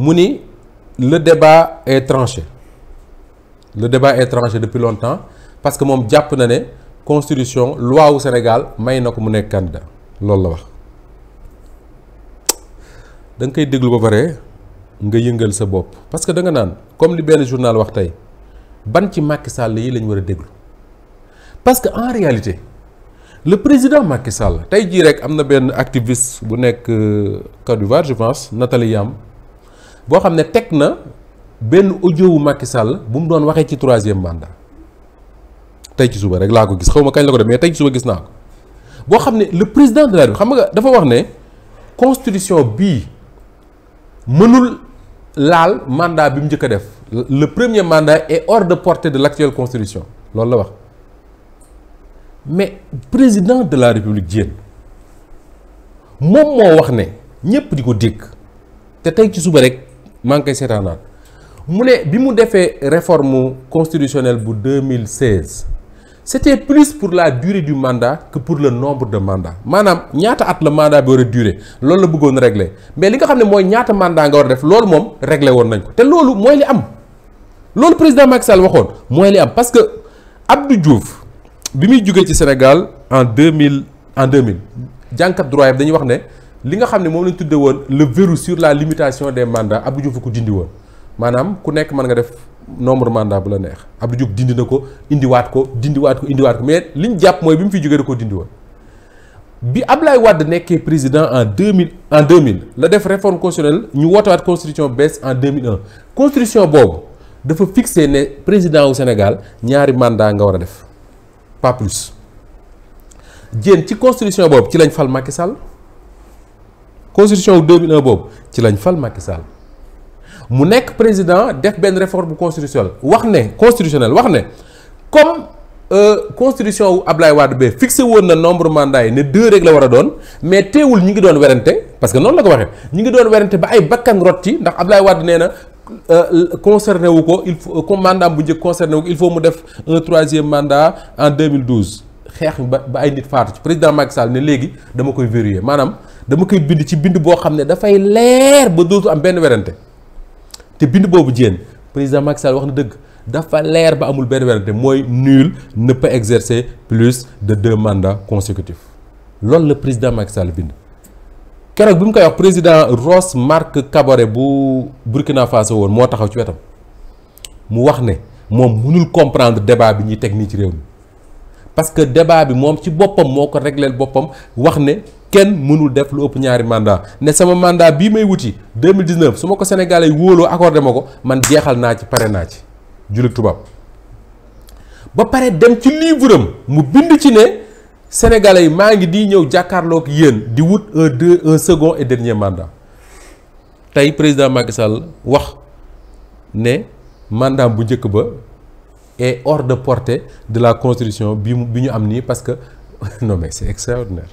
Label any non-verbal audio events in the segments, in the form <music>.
mu ni le débat est tranché le débat est tranché depuis longtemps parce que moom jàpp na ne constitution loi wu Sénégal may na ko mu nekk candidat loolu la wax da koy déglu ba pare nga yëngal sa bopp parce que da nga naan comme li benn journal wax tey ban ci Macky Sall yi lañ war a déglu parce que en réalité le président Macky Sall tey jii rek am na benn activiste bu nekk euh, Côte d'Ivoire je pense Nathalie Yam boo xam ne teg na benn audio wu Macky Sall bu mu doon waxee ci troisième mandat tey ci suba rek laa ko gis xaw ma kañ la ko def mais tey ci suba gis naa ko boo xam ne le président de la République xam nga dafa wax ne constitution bii mënul laal mandat bi mu njëkk a def le premier mandat est hors de portée de l'actuelle constitution loolu la wax mais président de la République Diène moom moo wax ne ñépp di ko dégg te tey ci suba rek maa ngi seetaanaat mu ne bi mu defee réforme constitutionnelle bu 2016 c'était plus pour la durée du mandat que pour le nombre de mandats maanaam ñaata at la mandat bi war a durer loolu la bëggoon régler mais li nga xam ne mooy ñaata mandat nga war a def loolu moom régler woon nañ ko te loolu mooy li am loolu président Macky Sall waxoon mooy li am parce que Abdou Diouf bi muy jugee ci Sénégal en mille en deux 2000 jànkat droit dañuy wax ne. li nga xam ne moom lañ tuddee woon le verrou sur la limitation des mandats Abdou Diouf ko dindi woon maanaam ku nekk mën nga def nombre mandat bu la neex Abdou Diouf dindi na ko indiwaat ko dindiwaat ko indiwaat ko mais liñ jàpp mooy bi mu fi jógee da ko dindi woon bi Ablaye Wade nekkee président en 2000 en 2000 la def réforme constitutionnelle ñu wootewaat constitution bees en 2001 constitution boobu dafa fixé ne président wu Sénégal ñaari mandat nga war a def pas plus jéen ci constitution boobu ci lañ fal Macky Sall constitution wu 2001 boobu ci lañ fal Macky Sall mu nekk président def benn réforme constitutionnelle wax ne constitutionnelle wax ne comme euh, constitution wu Ablaye Wade ba fixé woon na nombre mandat yi ne deux rek la war a doon mais teewul ñu ngi doon werante parce que noonu la ko waxee ñu ngi doon werante ba ay bakkan rot ci ndax Ablaye Wade nee na euh, concerné wu ko il faut euh, mandat bu njëkk concerné wu ko il faut mu def un troisième mandat en 2012. xeex ba ba ay nit faatu ci président Macky Sall ne léegi dama koy verrouiller maanaam dama koy bind ci bind boo xam ne dafay leer ba dootu am benn werante te bind boobu jéen président Macky Sall wax na dëgg dafa leer ba amul benn werante mooy nul ne peut plus de deux mandats consécutifs loolu la président Macky Sall bind. keroog bi mu koy wax président Roch Marc Kaboré bu Burkina Faso woon moo taxaw ci wetam mu wax ne moom mënul comprendre débat bi ñuy teg nii ci réew mi. parce que débat bi moom ci boppam moo ko régleel boppam wax ne kenn mënul def lu ëpp ñaari mandat ne sama màndaa bii may wuti 2019 su ma ko Sénégalais yi wóoloo accordé ma ko man jeexal naa ci pare naa ci jullit tubaab ba pare dem ci livre mu bind ci ne Sénégalais yi maa ngi di ñëw jàkkaarloog yéen di wut un deux un second et dernier tey président Macky Sall wax ne mandat bu njëkk ba. est hors de portée de la constitution bi mu bi ñu am nii parce que <laughs> non mais c'est extraordinaire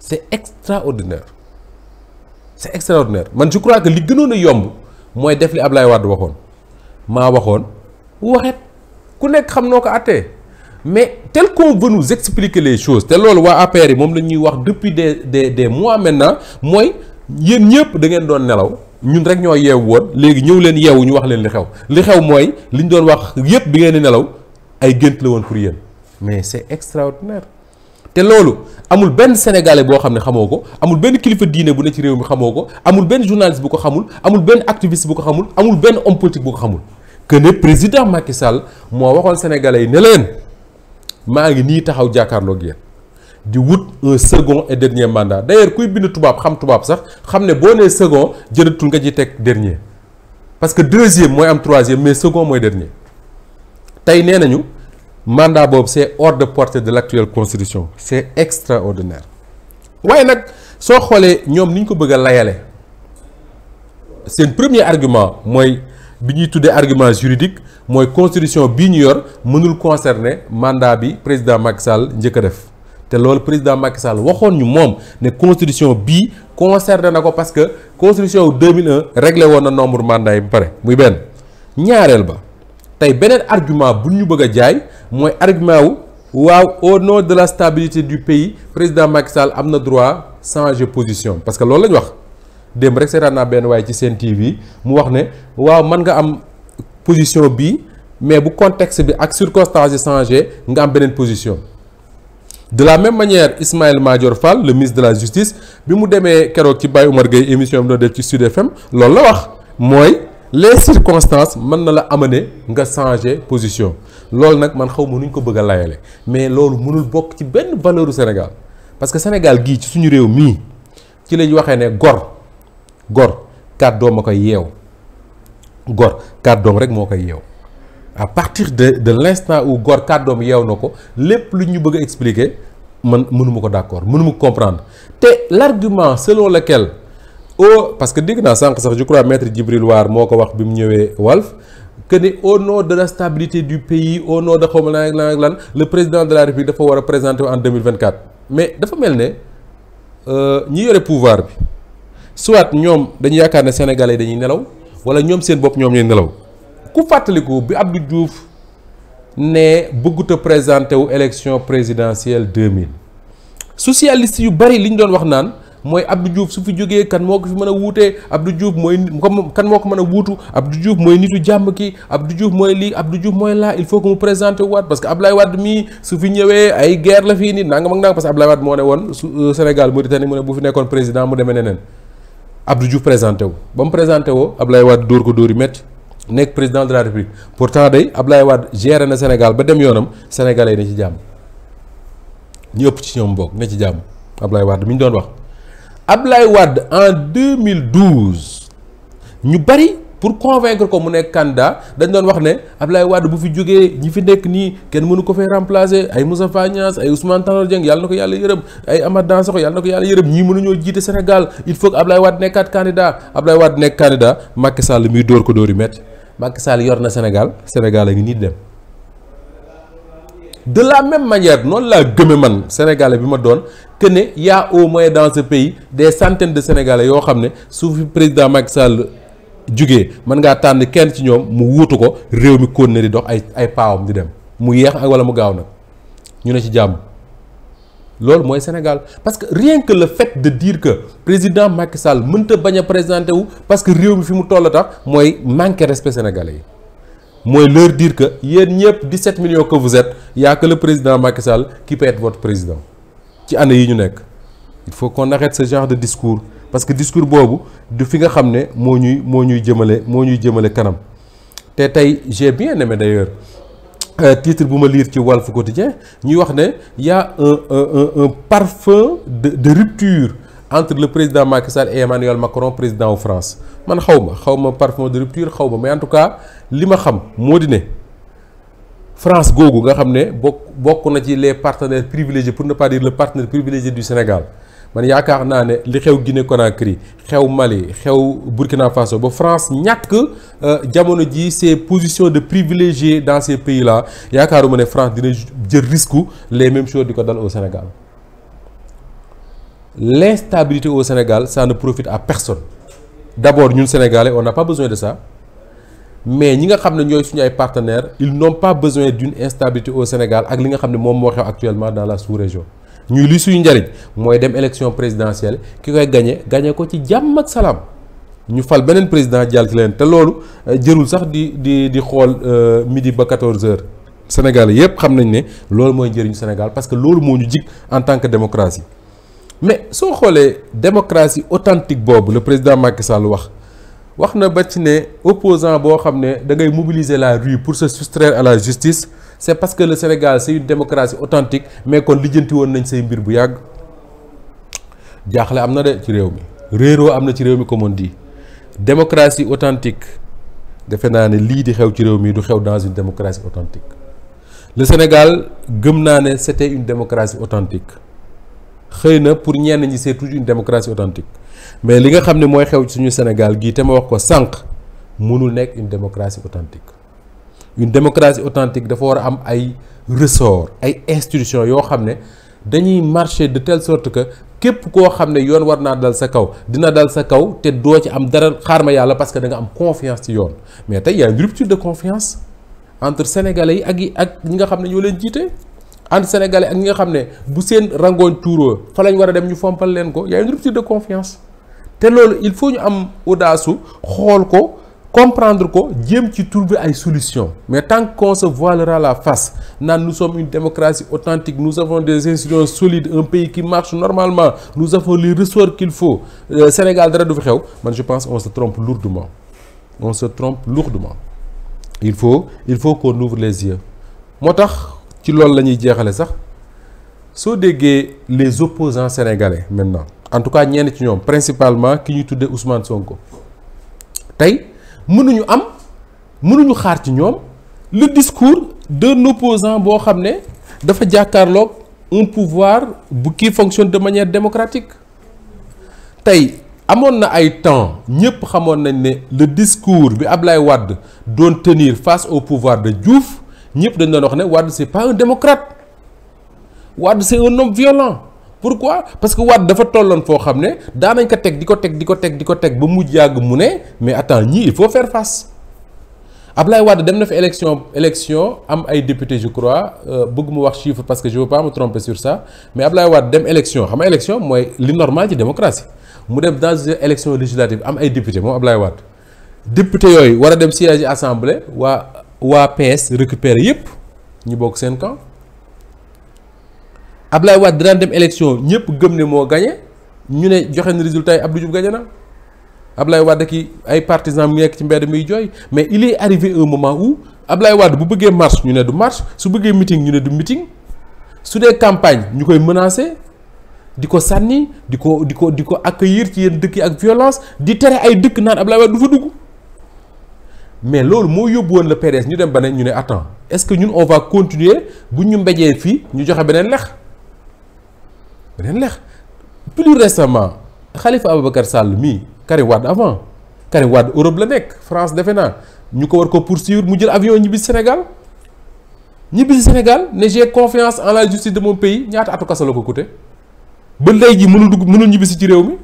c'est extraordinaire c'est man je crois que li gënoon a yomb mooy def li Ablaye Wade waxoon maa waxoon waxet ku nekk xam noo ko attee mais tel qu'on veut nous expliquer les te loolu waa APR yi moom la ñuy wax depuis des de des mois maintenant mooy yéen ñëpp dangeen doon nelaw ñun rek ñoo yeew woon léegi ñëw leen yeewu ñu wax leen li xew li xew mooy li ñu doon wax yépp bi ngeen di nelaw ay gént la woon pour yéen mais c'est extraordinaire te loolu amul benn sénégalais boo xam ne xamoo ko amul benn kilifa diine bu ne ci réew mi xamoo ko amul benn journaliste bu ko xamul amul benn activiste bu ko xamul amul benn homme politique bu ko xamul que ne président Macky Sall moo waxoon sénégalais yi ne leen maa ngi nii taxaw jàkkaarloog yéen di wut un second et dernier mandat d'ailleurs kuy bind tubaab xam tubaab sax xam ne boo nee second jënatul nga ci teg dernier parce que deuxième mooy am troisième mais second mooy dernier tey nee nañu mandat boobu c'est hors de portée de l'actuelle constitution c'est extraordinaire waaye nag soo xoolee ñoom ni ñu ko bëgg a layale seen premier argument mooy bi ñuy tuddee argument juridique mooy constitution bii ñu yor mënul concerner mandat bi président Macky Sall njëkk a def te loolu président Macky Sall waxoon ñu moom ne constitution bii concerné na ko parce que constitution wu 2001 réglé woon na nombre mandat yi ba pare muy benn ñaareel ba tey beneen argument bu ñu bëgg a jaay mooy argument wu waaw au nom de la stabilité du pays président Macky am na droit changer position parce que loolu la ñu wax démb rek seetaan naa benn waaye ci seen TV mu wax ne waaw man nga am position bii mais bu contexte bi ak circonstances yi changé nga am beneen position. de la même manière Ismaïla Madior Fall le ministre de la justice bi mu demee keroog ci Baye Omar Gueye émission bi doon def ci Sud FM loolu la wax mooy les circonstances mën na la amener nga changer position loolu nag man xaw ma nuñ ko bëgg a layale mais loolu mënul bokk ci benn valeur u Sénégal parce que Sénégal gii ci suñu réew mii ci lañ waxee ne gor gor kàddoom a koy yeew gor kàddoom rek moo koy yeew à partir de de l'instant où gor kàddoom yeew na ko lépp lu ñu bëgg a man mënuma ko d'accord mënuma ko comprendre te l'argument selon lequel au parce que dégg naa sànq sax je crois maître Djibril War moo ko wax bi mu ñëwee Walf que ni au nom de la stabilité du pays au nom de xaw ma lan lan lan le président de la République dafa war a présenter en 2024 mais dafa mel ne euh, ñi yore pouvoir bi soit ñoom dañu yaakaar ne sénégalais dañuy nelaw wala ñoom seen bopp ñoom ñooy nelaw. ku fàttaliku bi Abdou juuf ne bëggut a présenté wu élection présidentielle 2000 socialiste yu bari li ñu doon wax naan mooy Abdou Diouf su fi jógee kan moo ko fi mën a wuutee Abdou Diouf mooy kan moo ko mën a wuutu Abdou Diouf mooy nitu jàmm ki Abdou Diouf mooy lii Abdou Diouf mooy laa il faut que mu présenté wu waat parce que Ablaye Wade mii su fi ñëwee ay guerre la fii nii nangam ak nangam parce que Ablaye Wade moo ne woon su euh, Sénégal Mauritanie mu ne bu fi nekkoon président mu demee neneen Abdou Diouf présenté wu ba mu présenté woo Ablaye Wade dóor ko dóor yi métti nekk président de la république pourtant day Ablaye Wade géré na Sénégal ba dem yoonam sénégalais yi ne ci jàmm ñu ëpp ci ñoom bokk ne ci jàmm Ablaye Wade mi ñu doon wax Ablaye Wade en 2012 ñu bari pour convaincre ko mu nekk candidat dañ doon wax ne Ablaye Wade bu fi jógee ñi fi nekk nii kenn mënu ko fee remplacer ay Moustapha Niasse ay Ousmane Tanor Dieng yàlla na ko yàlla yërëm ay Amath Dansokho yàlla na ko yàlla yërëm ñii mënuñoo jiite Sénégal il faut que Ablaye Wade nekkaat candidat Ablaye Wade nekk candidat Macky Sall muy dóor ko dóor yu métti Macky Sall yor na Sénégal Sénégal a nii dem de la même manière noonu laa gëme man sénégalais bi ma doon que ne y a au moins dans ce pays des centaines de sénégalais yoo xam ne su fi président Macky Sall jugee mën ngaa tànn kenn ci ñoom mu wuutu ko réew mi kóon na di dox ay ay paawam di dem mu yéex ak wala mu gaaw nag ñu ne ci jàmm. loolu mooy Sénégal parce que rien que le fait de dire que président Macky Sall mënta bañ a présenté wu parce que réew mi fi mu toll tax mooy manqué respect sénégalais yi mooy leur diir que yéen ñëpp 17 set que vous êtes y a que président Macky Sall qui peut être président ci année yi ñu nekk il faut qu'on arrête ce genre de discours parce que discours boobu du fi nga xam ne moo ñuy moo ñuy jëmale moo ñuy jëmale kanam te tey j'ai bien aimé d'ailleurs Euh, titre bu ma liir ci Walf Quotidien ñuy wax ne y a un un un parfum de de rupture entre le président Macky Sall Emmanuel Macron président wu France man xaw ma xaw ma parfum de rupture xaw ma mais en tout cas li ma xam moo di ne France googu nga xam ne bokk bokk na ci les partenaires privilégiés pour ne pas dire le partenaire privilégié du Sénégal man yaakaar naa ne li xew Guinée Conakry xew Mali xew Burkina Faso ba France ñàkk euh, jamono ji ces position de privilégiés dans ces pays là yaakaaruma ne France dina jël risque les même choses di ko dal au Sénégal l'instabilité au Sénégal ça ne profite à personne d'abord ñun Sénégalais on n'a pas besoin de ça mais ñi nga xam ne ñooy suñ ay partenaires il n'ont pas besoin d'une instabilité au Sénégal ak li nga xam ne moom moo xew actuellement dans la sous-région ñuy li suñu njariñ mooy dem élection présidentielle ki koy gañe gañe ko ci jàmm ak salaam ñu fal beneen président jàll ci leen te loolu euh, jërul sax di di di xool euh, midi ba 14 heures Sénégal yépp xam nañ ne loolu mooy njëriñu Sénégal parce que loolu moo ñu jig en tant que démocratie mais soo xoolee démocratie authentique boobu le président Macky Sall wax wax na ba ci ne opposant boo xam ne da ngay mobiliser la rue pour se soustraire à la justice c'est parce que le Sénégal c'est une démocratie authentique mais kon lijjanti woon nañ say mbir bu yàgg jaaxle am na de ci réew mi réeroo am na ci réew mi comme on dit démocratie authentique defe naa ne lii di xew ci réew mii du xew dans une démocratie authentique le Sénégal gëm naa ne c'était une démocratie authentique xëy na pour ñeen ñi c'est toujours une démocratie authentique mais li nga xam ne mooy xew ci suñu Sénégal gii te ma wax ko sànq mënul nekk une démocratie authentique une démocratie authentique dafa war a am ay ressort ay institutions yoo xam ne dañuy marcher de telle sort que képp koo xam ne yoon war naa dal sa kaw dina dal sa kaw te doo ci am dara xaar ma yàlla parce que da nga am confiance ci yoon mais tey yaa a une rupture de confiance entre sénégalais yi ak yi ak ñi nga xam ne ñoo leen jiite. entre sénégalais ak ñi nga xam ne bu seen rangoon tuuroo fa lañ war a dem ñu fompal leen ko y a une rupture de confiance te loolu il faut ñu am audace xool ko. comprendre ko jéem ci trouver ay solution mais tant qu'on se voilera la face naan nous sommes une démocratie authentique nous avons des institutions solides un pays qui marche normalement nous avons les ressorts qu'il faut euh, Sénégal dara du fi xew man je pense on se trompe lourdement on se trompe lourdement il faut il faut qu'on ouvre les yeux moo tax ci loolu la ñuy jeexale sax soo déggee les opposants sénégalais maintenant en tout cas ñenn ci ñoom principalement ki ñuy tuddee Ousmane Sonko tey mënuñu am mënuñu xaar ci ñoom le discours d'un opposant boo xam ne dafa jàkkaarloog un pouvoir bu kii fonctionne de manière démocratique tey amoon na ay temps ñëpp xamoon nañ ne le discours bi Ablaye Wade doon tenir face au pouvoir de Diouf ñëpp dañ doon wax ne Wade c'est pas un démocrate Wade c'est un homme violent pour quoi parce que Wade dafa tolloon foo xam ne daanañ ko teg di ko teg di ko teg di ko teg ba mu yàgg mu ne mais attends ñii il faut faire face Ablaye Wade dem na fi élection élection am ay député je crois euh, bëgg mu wax chiffre parce que je veux pas me tromper sur ça mais Ablaye Wade dem élection xam nga élection mooy li normal ci démocratie mu dem dans une élection législative am ay député moom Ablaye Wade député yooyu war a dem siège assemblée waa waa PS récupérer yëpp ñu bokk seen camp Abdoulaye Wade daan dem élection ñëpp gëm ne moo gagné ñu ne joxe na résultat yi Abdou Diouf gagné na Abdoulaye Wade ki ay partisans mu nekk ci mbedd muy jooy mais il est arrivé un moment où Abdoulaye Wade bu bëggee marche ñu ne du marche su bëggee meeting ñu ne du meeting su dee campagne ñu koy menacer di ko sànni di ko di ko di ko accueillir ci yenn dëkk ak violence di tere ay dëkk naan Abdoulaye Wade du fa dugg. mais loolu moo yóbbu woon la PDS ñu dem ba ne ñu ne attends est-ce que ñun on va continuer bu ñu mbéjee fii ñu joxe beneen lex. beneen lex plus xalifa Khalifa Ababacar Sall mii Karim Wade avant Karim Wade Europe la nekk France defe naa ñu ko war ko poursuivre mu jël avion ñibbi Sénégal ñibbi Sénégal ne confiance en la justice de mon pays ñaata atu la ko coûté ba léegi ji mënul dugg mënul ñibbisi ci réew mi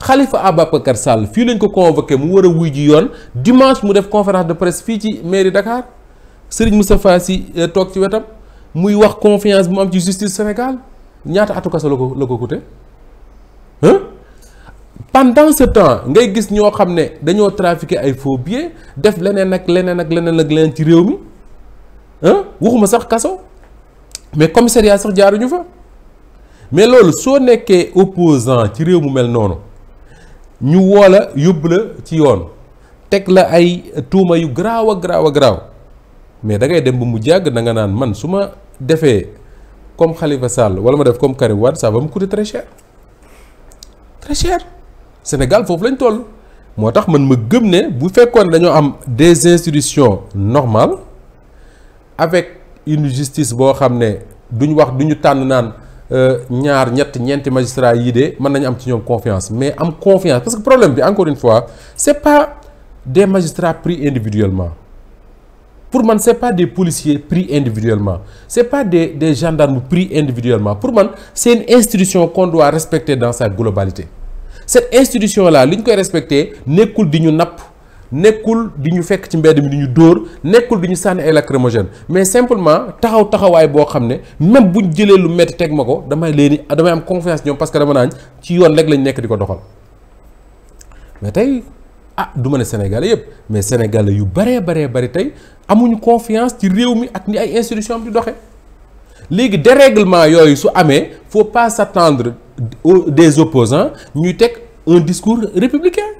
xalifa Khalifa Ababacar Sall fii lañ ko convoqué mu war a wuy ji yoon dimanche mu def conférence de presse fii ci mairie Dakar Serigne Moustapha si euh, toog ci wetam muy wax confiance bu mu am ñaata atu kaso la ko la ko coûté pendant ce temps ngay gis ñoo xam ne dañoo trafiqué ay faux billets def leneen ak leneen ak leneen ak leneen ci réew mi waxuma sax kaso mais commissariat sax jaaruñu fa mais loolu soo nekkee opposant ci réew mu mel noonu ñu woola la yóbbu la ci yoon teg la ay tuuma yu garaaw a garaaw a garaaw mais da ngay dem ba mu jàgg da nga naan man su ma defee comme Khalifa Sall wala ma def comme Karim Wade ça va me coûter très cher très cher Sénégal foofu lañu toll moo tax man ma gëm ne bu fekkoon dañoo am des institutions normales avec une justice boo xam ne duñ wax duñu tànn naan euh, ñaar ñett ñeenti magistrats yii de mën nañu am ci ñoom confiance mais am confiance parce que problème bi encore une fois c'est pas des magistrats pris individuellement pour man c'est pas des policiers pris individuellement c'est pas des des gendarmes pris individuellement pour man c'est une institution qu'on doit respecter dans sa globalité cette institution là li ñu koy respecter nekkul di ñu napp nekkul di ñu fekk ci mbedd mi di ñu dóor nekkul di ñu sànni ay lacrymogène mais simplement taxaw taxawaay boo xam ne même buñ jëlee lu métti teg ma ko damay leen damay am confiance ñoom parce que dama naan ci yoon rek lañ nekk di ko doxal mais tey ah du ma ne Sénégalais yëpp mais Sénégalais yu baree baree bari tey amuñu confiance ci réew mi ak ni ay institution bi di doxe léegi dérèglement yooyu su amee faut pas s'attendre des opposants ñuy teg un discours républicain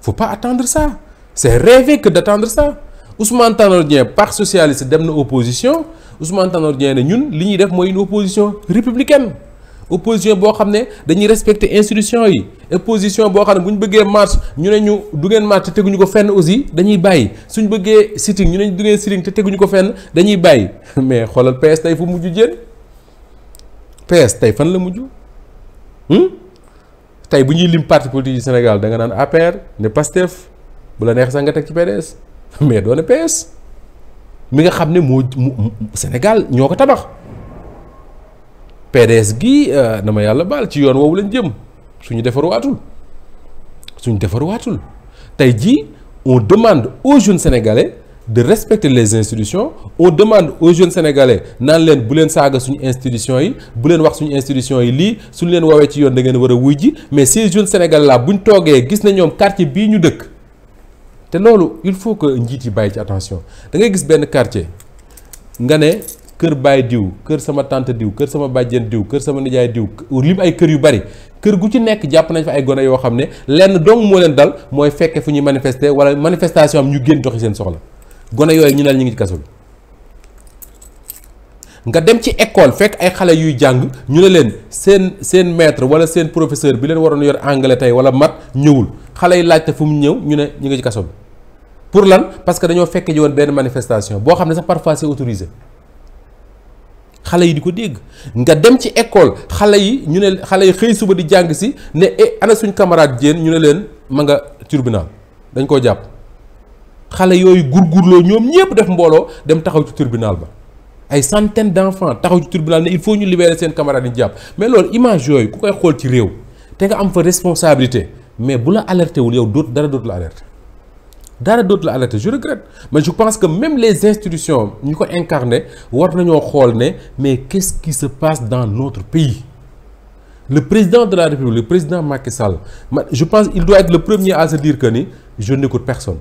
faut pas attendre ça c'est rêver que d'attendre ça Ousmane Tanor Dieng parti socialiste dem na opposition Ousmane Tanor Dieng ne ñun li ñuy def mooy une opposition républicaine opposition boo xam ne dañuy respecter institution yi opposition boo xam ne bu ñu bëggee marche ñu ne ñu du ngeen marche te teguñu ko fenn aussi dañuy bàyyi suñ bëggee sitting ñu ne ñu du ngeen sitting te teguñu ko fenn dañuy bàyyi <laughs> mais xoolal PS tey fu mujj jën PS tey fan la mujj hmm? tey bu ñuy lim parti politique du Sénégal da nga naan APR ne PASTEF bu la neex sax nga teg ci PDS <laughs> mais doone PS mi nga xam ne moo Sénégal ñoo ko tabax. PDS gi euh, na ma yàlla baal ci yoon woowu lañ jëm suñu defaruwaatul suñu defaruwaatul tey jii on demande aux jeunes sénégalais de respecte les institutions on demande aux jeunes sénégalais naan leen bu leen saaga suñu institutions yi bu leen wax suñu institutions yi lii suñu leen woowee ci yoon da ngeen war a wuy ji mais ces jeunes sénégalais là buñ toogee gis na ñoom quartier bii ñu dëkk te loolu il faut que njiit yi bàyyi ci attention dangay gis benn quartier kër bàyyi diw kër sama tante diw kër sama bàjjen diw kër sama nijaay diw lim ay kër yu bari kër gu ci nekk jàpp nañ fa ay gone yoo xam ne lenn dong moo leen dal mooy fekke fu ñuy manifester wala manifestation ñu génn doxi seen soxla gone yooyu ñu naan ñu ngi kaso nga dem ci école fekk ay xale yuy jàng ñu ne leen seen seen maître wala seen professeur bi leen waroon yor anglais tey wala mat ñëwul xale yi laajte fu ñëw ñu ne ñu ngi ci kaso bi pour lan parce que dañoo fekke ji woon benn manifestation boo xam ne sax parfois c'est autorisé xale yi di ko dégg nga dem ci école xale yi ñu ne xale yi xëy suba di jàng si ne eh, ana suñ camarade jéen ñu ne leen ma nga tribunal dañ koo jàpp xale yooyu loo ñoom ñépp def mbooloo dem taxaw ci tribunal ba ay centaine d'enfants taxaw ci tribunal ne il faut ñu libérer seen camarade yi jàpp mais loolu image yooyu ku koy xool ci réew te nga am fa responsabilité mais bu la alerté wul yow doot dara dootu la alerté dara dootu la alerté je regrette mais je pense que même les institutions ñu ko incarné war nañoo xool ne mais qu'est-ce qui se passe dans notre pays le président de la république le président Macky Sall ma je pense il doit être le premier à se dire que ni je n'écoute personne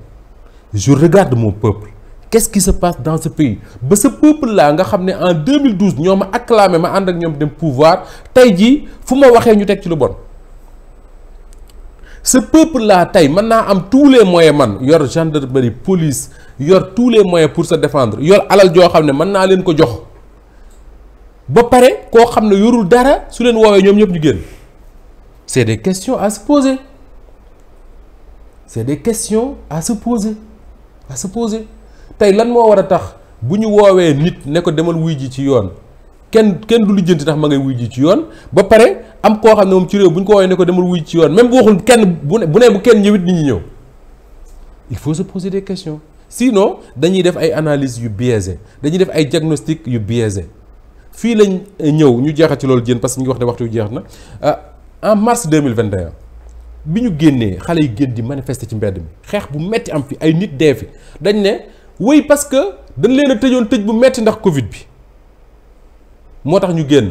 je regarde mon peuple qu'est-ce qui se passe dans ce pays ba sa peuple là nga xam ne en 2012 ñoo ma acclamé ma ànd ak ñoom dem pouvoir tey jii fu ma waxee ñu teg ci lu bon. ce peuple laa tey mën naa am tous les moyens man yor gendarmerie police yor tous les moyens pour se défendre yor alal joo xam ne mën naa leen ko jox ba pare koo xam ne yorul dara su leen woowee ñoom ñëpp ñu génn c'est des questions à se poser des questions à se poser tey lan moo war a tax bu ñu woowee nit ne ko demal wuy ji ci yoon kenn kenn du lijjanti ndax ma ngay wuy ji ci yoon ba pare am koo xam ne moom ci réew bu ñu ko woowee ne ko demal wuy ci yoon même bu waxul kenn bu ne bu ne bu kenn ñëwit nit ñu ñëw il faut se poser des questions sinon dañuy def ay analyses yu biaisées dañuy def ay diagnostic yu biaisé fii lañ eh, ñëw ñu jeexal ci loolu jën parce que ñu ngi wax ne waxtu jeex na ah, en mars 2021 bi ñu génnee xale yu génn di manifester ci mbedd mi xeex bu metti am fi ay nit dee fi dañ ne wéy parce que dañ leen a tëjoon tëj bu metti ndax Covid bi moo tax ñu génn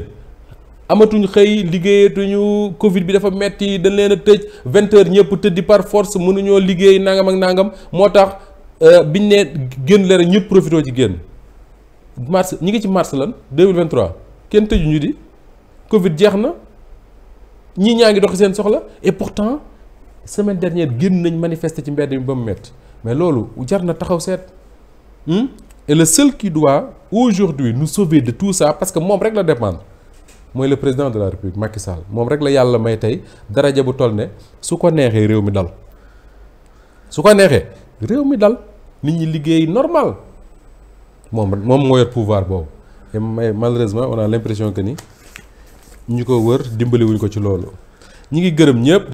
amatuñ xëy liggéeyatuñu Covid bi dafa metti dañ leen a tëj vingt heures ñëpp tëddi par force mënuñoo liggéey nangam ak nangam moo tax euh, biñ ne génn leer ñëpp profité ci génn mars ñi ngi ci mars lan 2023 kenn ñu di Covid jeex na ñii ñaa ngi dox seen soxla et pourtant semaine dernière génn nañ manifester ci mbedd mi ba mu métti mais loolu jar na taxaw seet. Hmm? et le seul qui doit aujourd'hui nous sauver de tout ça parce que moom rek la dépendre mooy le président de la république Macky Sall moom rek la yàlla may tey daraja bu toll ne su ko neexee réew mi dal su ko neexee réew mi dal nit ñi liggéey normal moom moom moo yor pouvoir boobu may malheureusement on a l'impression que ni ñu ko wër dimbaliwuñ ko ci loolu ñi ngi gërëm ñëpp.